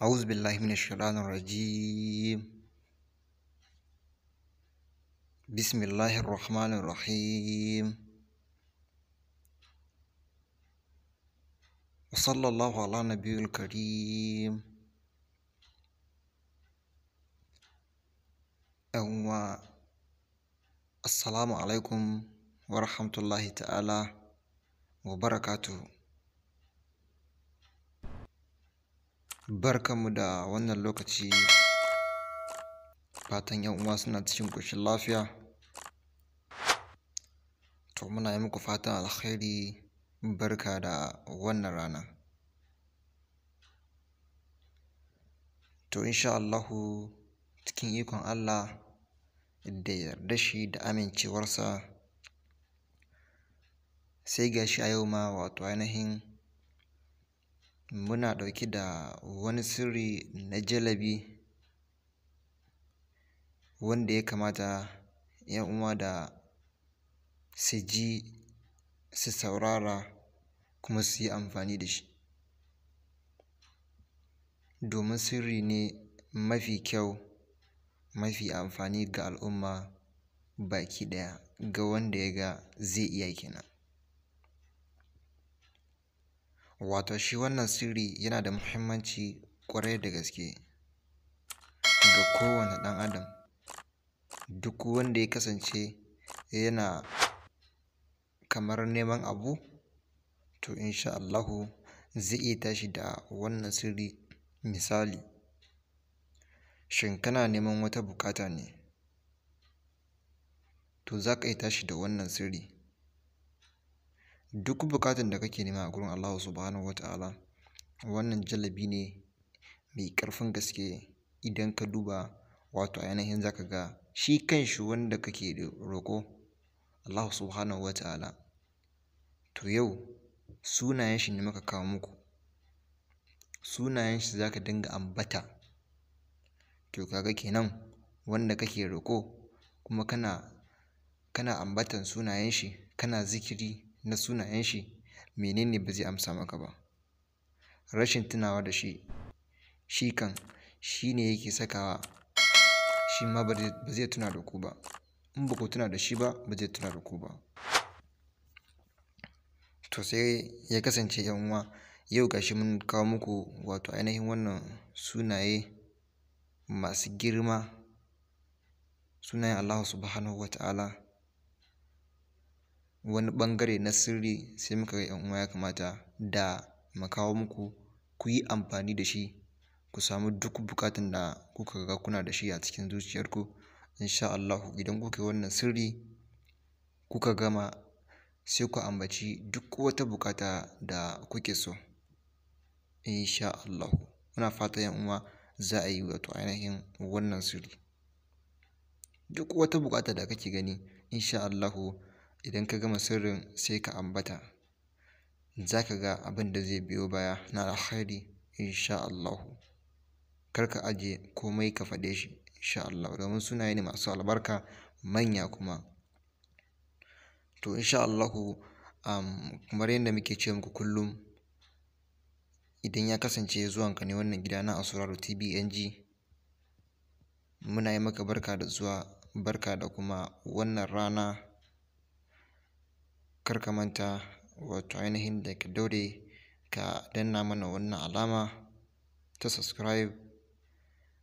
أعوذ بالله من الشيطان الرجيم بسم الله الرحمن الرحيم وصلى الله على النبي الكريم أما أيوة. السلام عليكم ورحمة الله تعالى وبركاته Barkanmu da wannan lokaci fatan ‘yan uwa suna cikin ƙoshin lafiya to muna yi muku fatan alkhairi barka da wannan rana to insha Allahu cikin ikon Allah da yarda shi da amincewarsa sai gashi a yau ma wato ainihin muna ɗauke da wani sirri na jalabi wanda ya kamata ‘yan uwa da su ji su saurara kuma su yi amfani da shi domin sirri ne mafi kyau mafi amfani ga al'umma baki ɗaya ga wanda ya ga zai iya kenan. Wato shi wannan sirri yana da muhimmanci ƙwarai da gaske ga kowane ɗan adam. Duk wanda ya kasance yana kamar neman abu to insha Allahu zai iya tashi da wannan sirri. Misali, shin kana neman wata buƙata ne, to za ka iya tashi da wannan sirri. duk buƙatar da kake nema a gurin Allah subhanahu wa ta'ala wannan jalabi ne mai ƙarfin gaske idan ka duba wato 'yanayin za ka ga shi kanshi wanda kake roƙo Allah subhanahu wa ta'ala to yau sunayen shi ne muka kawo muku sunayen shi za ka dinga ambata to kaga kenan wanda kake roƙo kuma kana ambatan sunayen shi kana zikiri na sunayen shi menene ba zai amsa maka ba rashin tunawa da shi shi kan shi ne yake sakawa shi ma ba zai tuna da ku ba in ba ku tuna da shi ba ba zai tuna da ku ba to sai ya kasance yan uwa yau gashi mun kawo muku wato ainihin wannan sunaye masu girma sunayen allahu subhanahu wa ta'ala wani ɓangare na sirri sai muka ga yan uwa ya kamata da mu kawo muku ku yi amfani da shi ku samu duk buƙatan da kuka ga kuna da shi a cikin zuciyarku insha Allahu idan kuka yi wannan sirri kuka gama sai ku ambaci duk wata buƙata da kuke so insha Allahu muna fata yan uwa za a yi wato ainihin wannan sirri duk wata buƙata da kake gani insha Allahu Idan ka gama sirrin sai ka ambata. Za ka ga abin da zai biyo baya na alkhairi insha Allah Kar ka ajiye komai ka faɗe shi insha Allah domin sunaye ne masu albarka manya kuma. To insha Allah um, kamar yadda muke ce muku kullum, idan ya kasance zuwanka ne wannan gida na Asuraru TV muna yi maka barka da zuwa, barka da kuma wannan rana. kar ka manta wato ainihin da ka daure ka danna mana wannan alama ta subscribe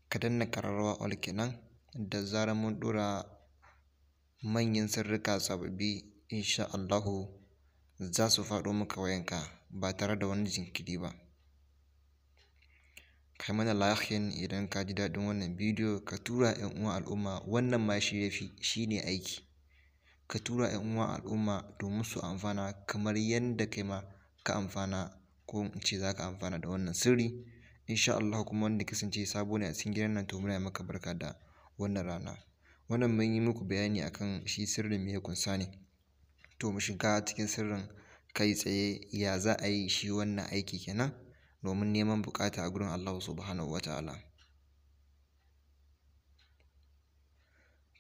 ka danna kararrawa all kenan da zarar mun ɗora manyan sirrika sababbi insha Allahu za su faɗo maka wayanka ba tare da wani jinkiri ba kai mana lakin idan ka ji daɗin wannan bidiyo ka tura 'yan uwan al'umma wannan ma shi ne aiki ka tura 'yan uwan al'umma domin su amfana kamar yadda kai ma ka amfana ko in ce za ka amfana da wannan sirri. Insha Allah kuma wanda ka kasance sabo ne a cikin gidan nan to muna yi maka barka da wannan rana. Wannan mun yi muku bayani akan shi sirrin me ya kunsa ne. To mu shiga cikin sirrin kai tsaye ya za a yi shi wannan aiki kenan, domin neman buƙata a gurin Allah Subhanahu wa ta'ala.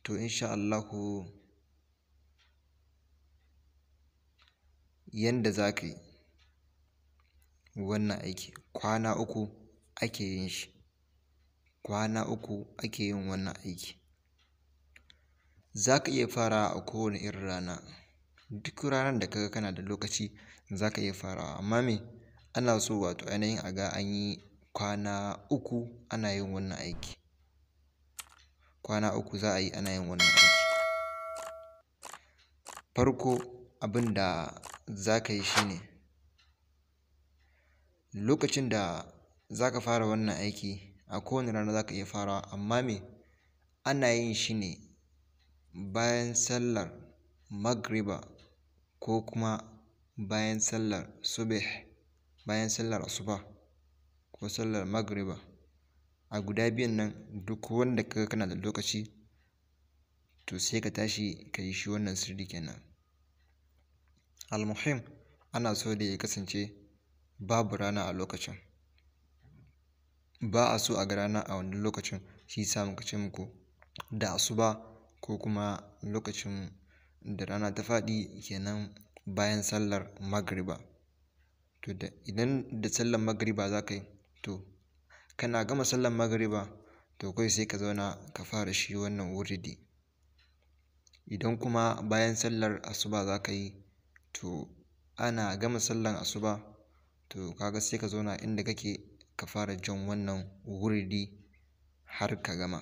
To insha Allah yanda za ka yi wannan aiki kwana uku ake yin shi kwana uku ake yin wannan aiki za ka iya fara a kowane irin rana duk ranar da ka ga kana da lokaci za ka iya farawa amma me ana so wato ainihin a ga an yi kwana uku ana yin wannan aiki kwana uku za a yi ana yin wannan aiki farko abin da za ka yi shi ne lokacin da za ka fara wannan aiki a kowane rana za ka iya farawa amma me ana yin shi ne bayan sallar magriba ko kuma bayan sallar subih bayan sallar asuba ko sallar magriba a guda biyan nan duk wanda kaga kana da lokaci to sai ka tashi ka yi shi wannan sirri kenan almuhim ana so da ya kasance babu rana a lokacin ba a so a ga rana a wani lokacin shi sa muka ce muku da asuba ko kuma lokacin da rana ta faɗi kenan bayan sallar magriba to da idan da sallar magriba za ka yi to kana gama sallar magriba to kai sai ka zauna ka fara shi wannan wuridi idan kuma bayan sallar asuba za ka yi to ana gama sallan asuba to kaga sai ka zauna inda kake ka fara jan wannan wuridi har ka gama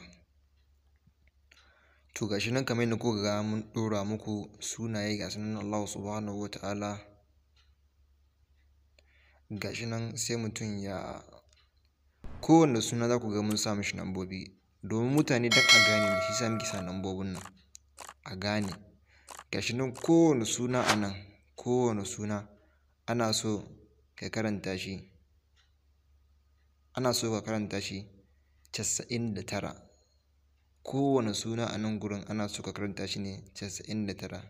to gashi nan kamar yadda kuka ga mun ɗora muku sunaye ga sunan Allah subhanahu wa ta'ala gashi nan sai mutum ya kowanne suna za ku ga mun sa mishi lambobi domin mutane duk a gane shi sa muke sa lambobin nan a gane gashi nan kowane suna a nan kowane suna ana so ka karanta shi ana so ka karanta shi casa'in da tara kowane suna a nan gurin ana so ka karanta shi ne casa'in da tara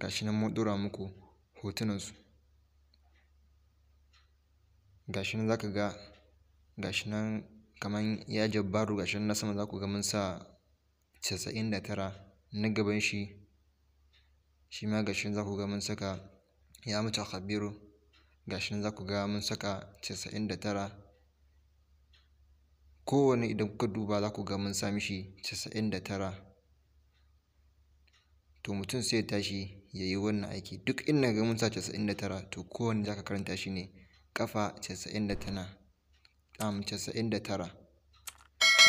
ga shi nan ɗora muku hotunansu ga shi nan za ka ga ga shi nan kamar ya jabbaru ga shi nan na sama za ku ga mun sa casa'in da tara na gaban shi shi ma gashin za ku ga mun saka ya mutu khabiru gashin za ku ga mun saka 99 kowane idan kuka duba za ku ga mun sa mishi 99 to mutum sai ya tashi ya yi wannan aiki duk inda ga mun sa 99 to kowane za ka karanta shi ne kafa 99 am 99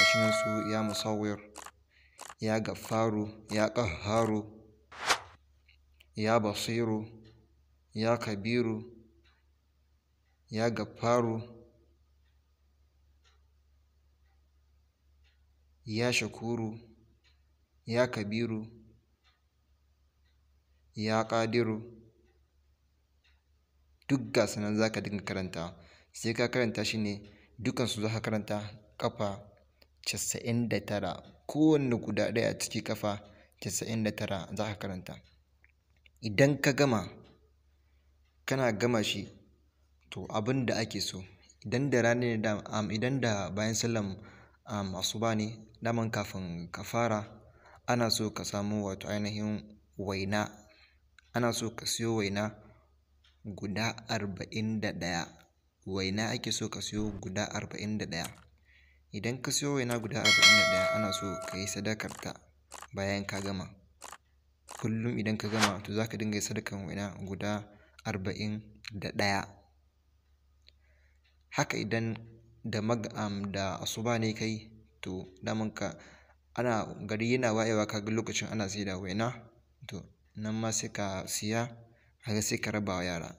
shi nan su ya musawir ya gafaru ya kaharu ya basiru ya kabiru ya gaffaru ya shakuru ya kabiru ya ƙadiru duk ga sanan za ka dinga karanta sai ka karanta shi ne dukansu za ka karanta kafa casa'in kowanne guda ɗaya a ciki kafa casa'in za ka karanta Idan ka gama, kana gama shi to abin da ake so idan da rani ne da idan da bayan sallan masu asuba ne daman kafin ka fara ana so ka samu wato ainihin waina ana so ka siyo waina guda arba'in da ɗaya waina ake so ka siyo guda arba'in da ɗaya idan ka siyo waina guda arba'in da ɗaya ana so ka yi sadakarta bayan ka gama. kullum idan ka gama to za ka dinga yi sadakan waina guda arba'in da ɗaya haka idan da mag'am da asuba ne kai to daman ka ana gari yana wayewa ka ga lokacin ana sai da waina to nan ma sai ka siya haka sai ka raba wa yara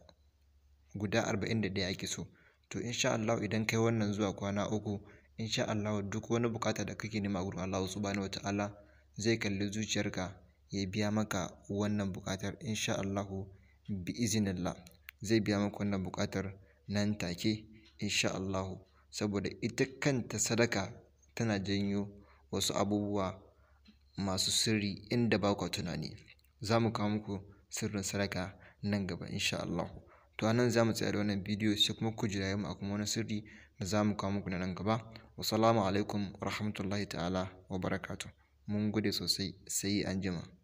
guda arba'in da ɗaya ake so to insha Allah idan kai wannan zuwa kwana uku insha Allah duk wani bukata da kake nema a gurin Allah subhanahu wataala zai kalli zuciyarka ya biya maka wannan buƙatar insha Allahu bi izinillah. Zai biya maka wannan buƙatar nan take insha Allahu. Saboda ita kanta sadaka tana janyo wasu abubuwa masu sirri inda ba tunani. Za mu kawo muku sirrin sadaka nan gaba insha Allahu. To a za mu tsaya da wannan bidiyo sai kuma ku jira mu a kuma wani sirri da za mu kawo muku na nan gaba. Wassalamu alaikum wa rahmatullahi ta'ala wa barakatuh. Mun gode sosai sai anjima.